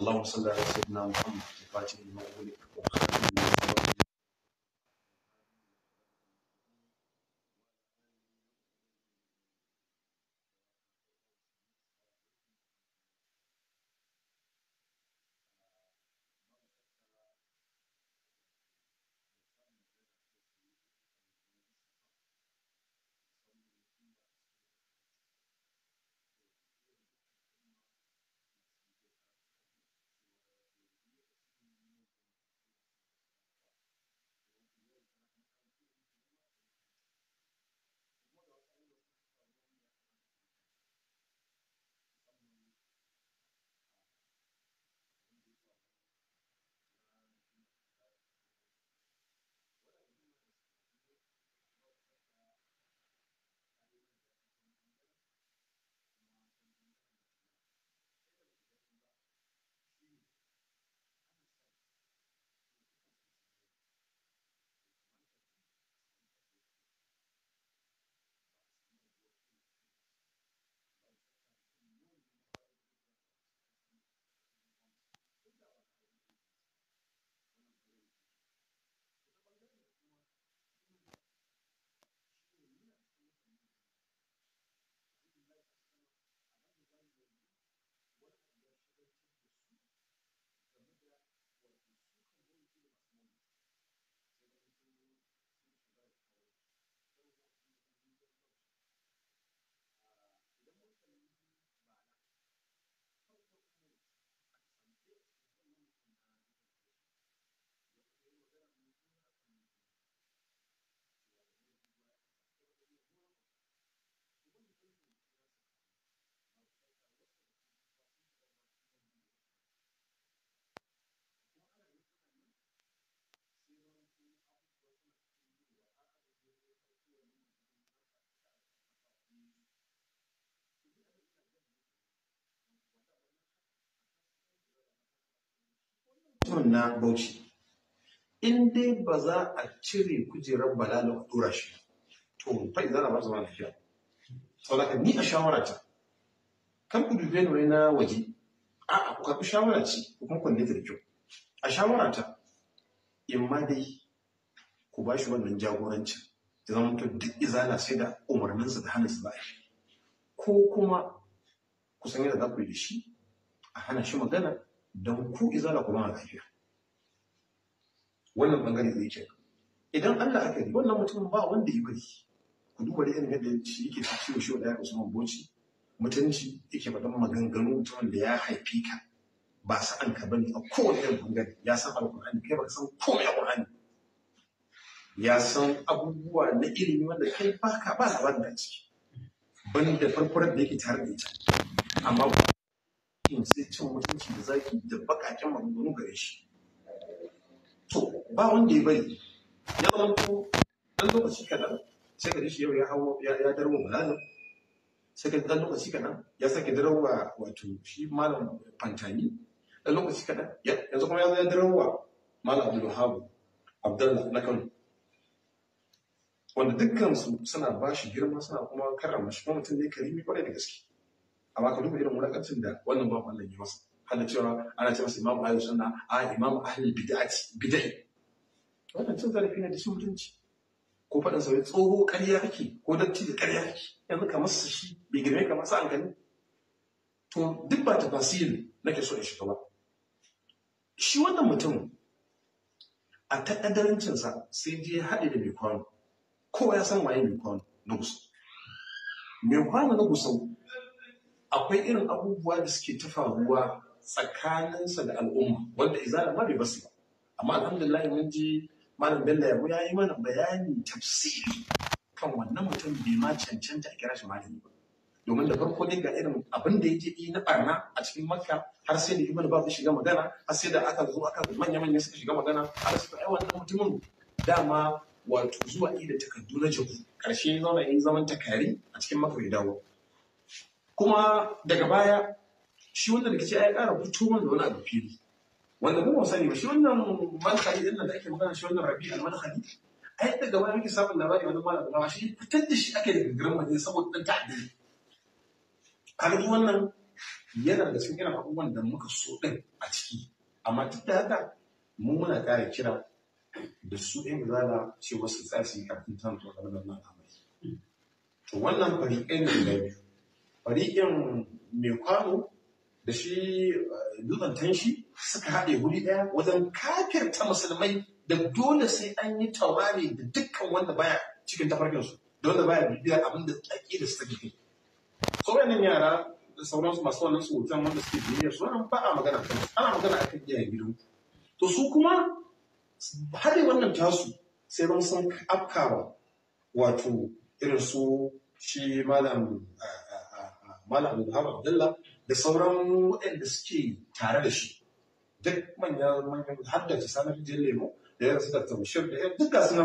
اللهم صل على سيدنا محمد الفاتح لما أغلق na Bauchi in dai ba za a cire kujerar balala a dora shi to fa zara ba zama lafiya saboda ni a shawara ta kan ku dube ne na waje a ku karbi shawara ce ku kuma kunne da kyau a shawara ta in ma dai ku ba shi wannan jagorancin ya zama to duk izala sai da umarninsa da hannun su ba shi, ko kuma ku san yadda za ku yi da shi a hana shi magana don ku izala ku a lafiya wannan bangare zai ke idan Allah aka yi wannan mutumin ba wanda ya bari ku duba da irin yadda shi yake ta ciwo shi wadaya Usman Boci mutunci yake faɗan maganganu mutumin da ya haifi ka ba sa'an ka bane a kowane irin bangare ya san alƙur'ani kai ka san komai alƙur'ani ya san abubuwa na ilimi wanda kai ka ba labarin wanda ciki ban da farfarar da yake tare da ita amma in sai cin mutunci da zaki da bakakin maganganu gare shi to ba wanda ya bari ya zama ko dan lokaci kaɗan sai ka shi yau ya hawo ya darwa sai ka dan lokaci kaɗan ya sake darwa wato shi malam fantani dan lokaci kaɗan yanzu kuma ya zo ya darwa malam abdulhabu abdullah na kano wanda dukkansu suna ba shi girma suna kuma karrama shi kuma mutum ne karimi kwarai da gaske amma ka duba irin wulakancin da wannan ba Allah ya masa hada cewa ana ce masa imamu ahlus sunna a imamu ahlul bid'ati bid'ai wannan cin zarafi ne da shi mutunci ko faɗin sa tsoho ƙarya ko datti da ƙarya kake yanzu ka masa shi bai girme ka masa an gani to duk ba ta na nake so in shiga ba shi wannan mutum a taƙadarancinsa sai je haɗe da mai kwano kowa ya san waye mai kwano na gusau mai kwano na gusau akwai irin abubuwa da suke tafa ruwa. tsakaninsa da al'umma wanda izala ma bai basu ba amma alhamdulillah mun ji malam bello yabo ya yi mana bayani tafsiri kan wannan mutum bai ma cancanta a kira shi malami ba domin da farko dai ga irin abin da yake yi na barna a cikin makka har sai da ibn babu shiga magana har sai da aka zo aka manya manya suka shiga magana har suka ai wannan mutumin dama wato zuwa ida takardu na jabu karshe zauna yin zaman takari a cikin makka ya dawo kuma daga baya shi wannan rikici ya kara fito man da wani abu fili wanda mu sani ba shi wannan malkhali din da ake magana shi wannan rabi al malkhali ai da gaba muke samun labari wani malam da shi fitar da shi ake daga garin waje saboda dan ta'addi kaga wannan yana da cikin irin abubuwan da muka so din a ciki amma duk da haka mu muna ƙara kira da su ɗin su ce wasu tsasi kafin to da wannan amai to wannan fariƙin ne biyu fariƙin mai kwano da shi eh, dutsen tanshi suka haɗe wuri ɗaya wajen kafirta musulmai da dole sai an yi taurari da dukkan wanda baya cikin tafarkinsu da wanda baya bibiyar abin da tsaki da su tafi sauran yara da sauransu masu wannan surutan wanda suke biyayyar su an ba a magana kan ana magana akan iya gidan to su kuma haɗe wannan tasu sai ban san afkawa wato irin su shi malam eh, eh, malam Abdullah da sauran waɗanda suke tare da shi duk manyan manyan har da ta sanar jin lemo da yanzu da tamshir da yan duka suna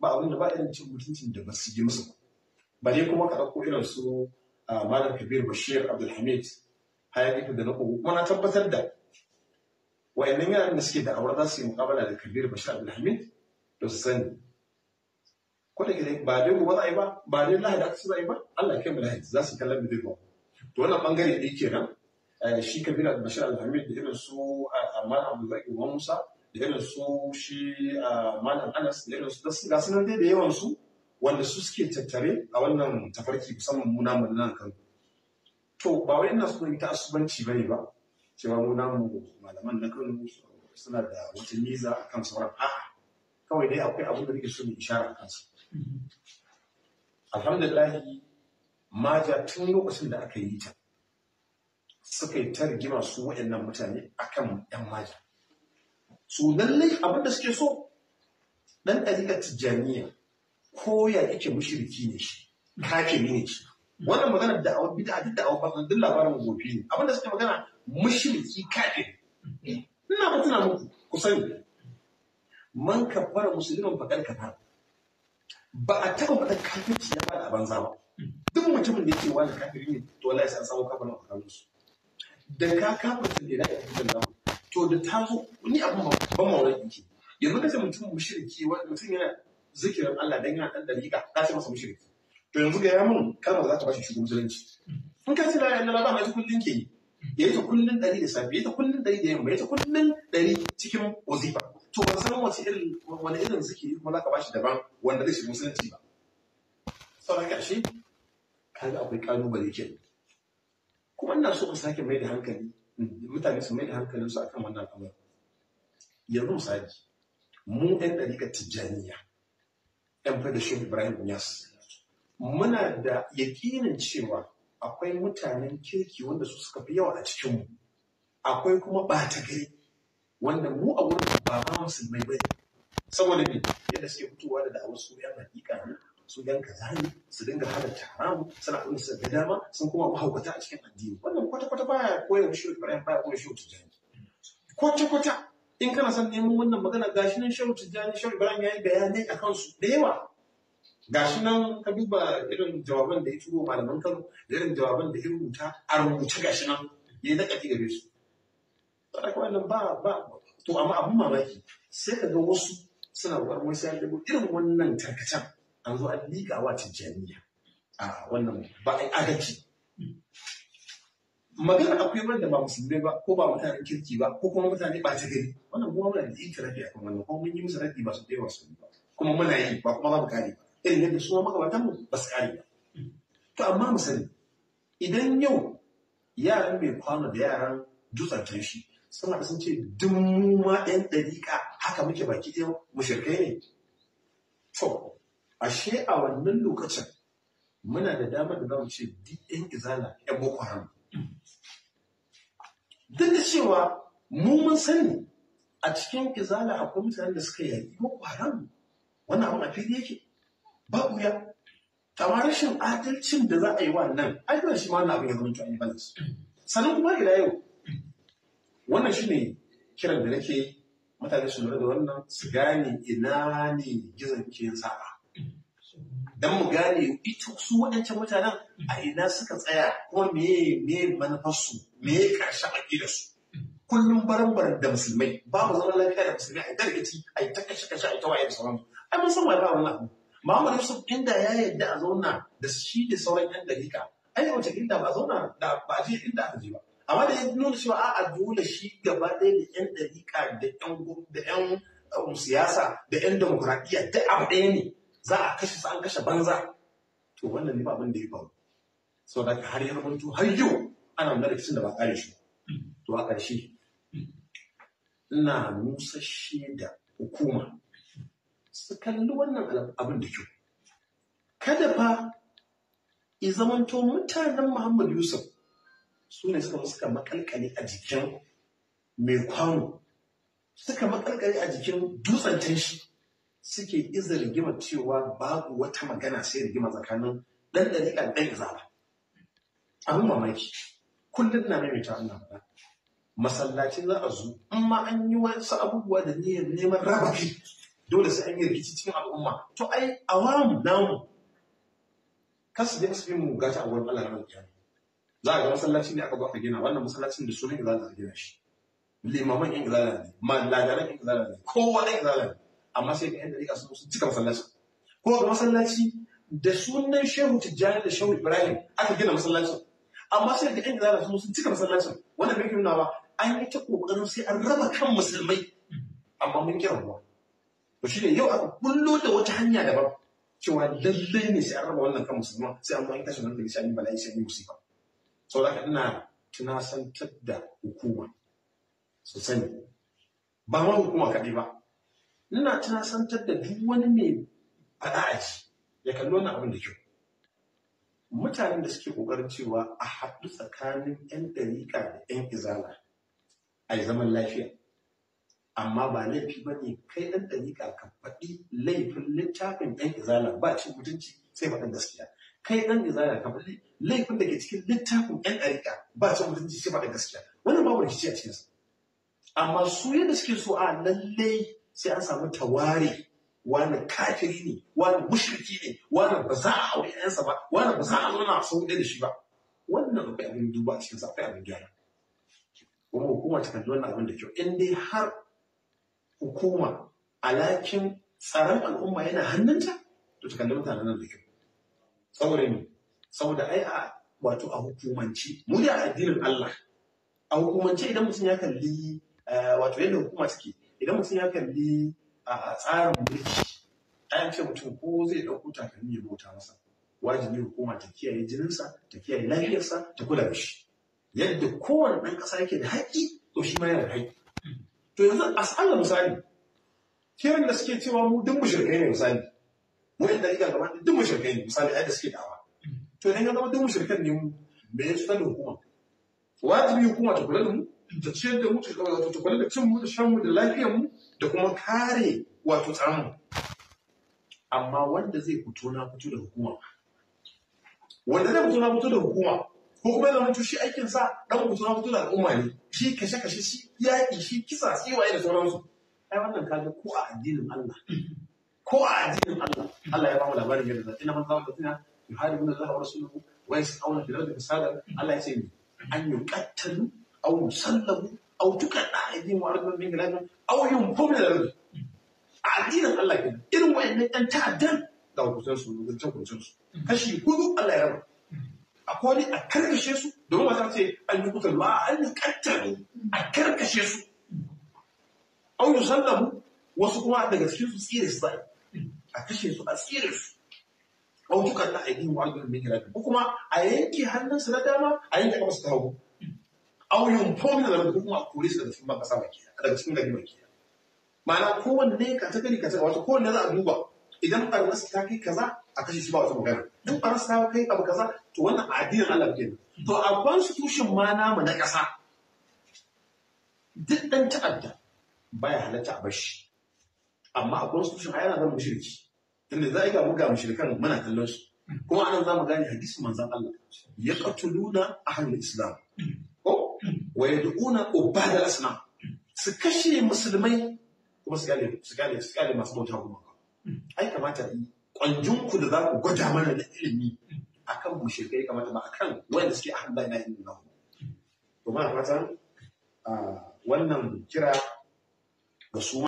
ba abin da ba irin cin mutuncin da ba su yi musu ba ne kuma ka ɗauko irin su malam kabir bashir abdulhamid hayaki da na kogo kuma na tabbatar da wa'annan yaran da suke da aure za su yi mukabala da kabir bashir abdulhamid da su sani ko da ba dai ba za a yi ba ba dai lahadi aka su za a yi ba allah ya kai mu lahadi za su kallon bidiyo to wannan bangare ne kenan eh, shi kabila da bashir alhamid da irin su eh, amman abdullahi wa musa da irin su shi eh, malam anas da irin su ga sunan dai da yawan su wanda su suke tattare a wannan tafarki musamman mu nan kan to ba wai ina su ta asubanci bane ba cewa mu malaman na kan suna da wata niza kan sauran a kawai dai akwai abin da nake so mu ishara kansu mm-hmm. alhamdulillah maja tun lokacin da aka yi ta suka yi ta rigima su waɗannan mutane akan yan maja su lallai abin da suke so ɗan ɗariƙar tijjaniya ko ya yake mushriki ne shi kake ne shi wannan magana da awon bid'a a da awon fasan duk labarin gobe ne abin da suke magana mushriki kake ina ba tuna muku ku sani man kafara musulman bakar kafara ba a taɓa faɗar kafirci na ba a banza ba duk mutumin da ke wani kafiri ne to ya san an samu kafirin a kan da ka kafirta ne zaka fitar da mu to da ta zo ni abin ban maulan yake yanzu ce mutum mushriki mutum yana zikirin Allah dan yana dan dariƙa ka ce masa mushriki to yanzu ga ya mun kalmar za ta bashi shugo musulunci in ka ce la ilaha illallah ba na kullun ke yi ya yi ta kullun dari da safe ya yi ta kullun dari da yamma ya yi ta kullun dari cikin wazifa to ban san wace irin wani irin zikiri kuma za ka bashi daban wanda zai shiga musulunci ba saboda ƙarshe. kaga akwai kalubale ke kuma ina so ka sake mai da hankali mutane su mai da hankalin su akan wannan abu yanzu misali mu ɗan ɗarika tijjaniya ɗan fada shi ibrahim yas muna da yakinin cewa akwai mutanen kirki wanda su suka fi yawa a cikin mu akwai kuma ɓata gari wanda mu a wurin ba ba musulmai bai saboda ne yadda suke fitowa da da'awar su ya hakika ne su yan kazani ne su dinga ta haramu suna kuma su da dama sun kuma mahaukata a cikin addini wannan kwata kwata baya koyar shi Ibrahim baya koyar shi Tijani kwata kwata in kana son neman wannan magana gashi nan Shehu Tijani Shehu Ibrahim yayi bayanai a kansu da yawa gashi nan ka duba irin jawaban da ya turo malaman Kano da irin jawaban da ya rubuta a rubuce gashi nan yayi nakati gare su saboda wannan ba ba to amma abun mamaki sai ka ga wasu suna warwar sai da irin wannan tarkacen an zo an liƙa wa tijjaniya a wannan ba a agaci magana akwai wanda ba musulmai ba ko ba mutanen kirki ba ko kuma mutane ba ta gari wannan kuma muna da itirafi akan wannan kuma mun yi musu raddi ba su da yawa su ba kuma muna yi ba kuma ba mu kare ba irin yadda su magabatan mu ba su kare ba to amma mu sani idan yau yaran mai kwano da yaran dutsen tashi suna da sun ce duk mu ma ɗan ɗariƙa haka muke baki ɗaya mushirkai ne to ashe a wannan lokacin muna da damar da zamu ce duk izala yan boko haram duk da cewa mu mun sani a cikin izala akwai mutanen da suka yaƙi boko haram wani abu a fili yake babu ya amma rashin adalcin da za a yi wannan ajiyar shi ma wannan abin ya zama to sannan kuma ila yau wannan shi ne kiran da nake mutane su lura da wannan su gane ina ne gizon ke sa'a Dan mu gane ita su waɗancan mutanen a ina suka tsaya kuma me me manufarsu me ya ƙarshe a su kullum baran da musulmai ba mu zaman lafiya da musulmai a targaci a yi ta kashe kashe a yi ta waye da sauran ai mun san waye ba wannan abu Muhammad Yusuf inda ya yarda a zauna da shi da sauran yan dalika ai wace inda ba zauna da ba je inda aka je ba amma da ya nuna cewa a'a dole shi gaba ɗaya da yan dalika da yan um, siyasa da yan demokuraɗiyya ta abu ɗaya ne za a kashe su an kashe banza to wannan ne ba abin da ya faru sau da har ya ramanto har yau ana da rikicin da ba kare shi to a ƙarshe ina nusashe da hukuma su kalli wannan abin da kyau kada fa i zamanto mutanen muhammad yusuf su ne suka suka makalkale a jikin mai kwano suka makalkale a jikin dutsen tashi suke iza rigima cewa babu wata magana sai rigima tsakanin ɗan ɗariƙa ɗan zaba. abin mamaki kullum na maimaita wannan ba masallaci za a zo in ma an yi wasu abubuwa da niyyar neman raba dole sai an yi rikici cikin al'umma to ai a wamu namu kasu ne su mu gata a wurin Allah ranar kiyama za a ga masallaci ne aka gwafa gina wannan masallacin da sunan izala aka gina shi limaman yin izala ne malajaran yin izala ne kowa ɗan izala ne amma sai ga yan a sun sun cika masallaci ko ga masallaci da sunan shehu tijjani da shehu ibrahim aka gina masallaci amma sai ga yan a sun sun cika masallacin wanda bai nuna ba an yi ta kokarin sai an raba kan musulmai amma mun kira ruwa to shi ne yau aka kullo da wata hanya daban cewa lallai ne sai an raba wannan kan musulman sai an zo an kashe nan daga shani bala'i sai musifa saboda da ina tunasantar da hukuma su sani ba ma hukuma kaɗai ba ina tunasantar da duk wani mai faɗa'aji ya kalli wani abin da kyau mutanen da suke ƙoƙarin cewa a haɗu tsakanin 'yan ɗariƙa da 'yan izala a yi zaman lafiya amma ba laifi ba ne kai ɗan ɗariƙa ka faɗi laifin littafin 'yan izala ba cin mutunci sai faɗin gaskiya kai ɗan izala ka faɗi laifin da ke cikin littafin 'yan ɗariƙa ba cin mutunci sai faɗin gaskiya wannan babu rikici a cikinsa amma su yadda suke so a lallai sai an samu tawari wani kafiri ne wani mushriki ne wani ba za a aure yansa ba wani ba za a zauna a sau da shi ba wannan akwai abin duba a cikin akwai abin gyara kuma hukuma ta kalli wannan abin da kyau in dai har hukuma alakin tsaron al'umma yana hannunta to ta kalli mutanen nan da kyau saboda ne saboda ai a wato a hukumanci mu da addinin Allah a hukumance idan mutum ya kalli eh, wato yadda hukuma suke idan mutum ya kalli a tsarin mulki an ce mutum ko zai ɗauko takalmi ya bauta masa wajibi hukuma ta kiyaye jininsa ta kiyaye lafiyarsa ta kula da shi yadda kowane ɗan ƙasa yake da haƙƙi to shi ma yana da haƙƙi to yanzu a tsara misali kiran da suke cewa mu duk mushrikai ne misali mu yadda riga gaba duk mushrikai ne misali a yadda suke dawa to idan ya zama duk mushrikan ne mu me ya da hukuma wajibi hukuma ta kula da mu da ciyar da mu wato ta da cin mu da shan mu da lafiyar mu da kuma kare wato tsaron amma wanda zai fito na fito da hukuma wanda zai fito na fito da hukuma ko kuma zama shi aikin sa dan fito na fito da al'umma ne shi kashe kashe shi yaƙi shi kisa tsiwaye da sauransu ai wannan kaga ko a addinin Allah ko a addinin Allah Allah ya ba mu labarin yadda zai ina manzo da tuna yuharibuna Allah wa rasuluhu wa yasawna fil ardi fasada Allah ya ce an yuqattalu au musallamu au tukar da addini wa arzikin bin gilafin au yin kuma da rabi a addinin Allah kenan irin wa'annan ɗan ta'addan da hukuncin su hukuncin hukuncin su kashi hudu Allah ya raba akwai a karkashe su domin wata ce an yi kutar ba an yi kattare a karkashe au musallamu wasu kuma daga cikin su su zai a kashe su a tsire su wa ko kuma a yanke hannunsa na dama a yanke kamar su ta hagu auyin yunfo da kuma a kore su daga cikin ban kasa baki daga cikin gari baki ma'ana kowanne ka ta gani ka ta wato kowanne za a duba idan barnas ta kai kaza a kashe shi ba wata magana duk barnas ta kai abu kaza to wannan addinin Allah ke to a constitution ma namu na kasa duk dan ta'adda baya halatta a bashi amma a constitution ai yana zama mushriki tunda za a ga buga mushrikan muna kallon su kuma anan za mu gane hadisin manzon Allah ya katuluna ahlul islam wa yad'una al asnam su kashe musulmai kuma su gane su gane su gane masu bauta kuma ai kamata yi kwanjin ku da za ku gwada mana da ilimi akan mushrikai kamata ba akan wanda suke a hannun ne illallah to ma fatan wannan kira ga su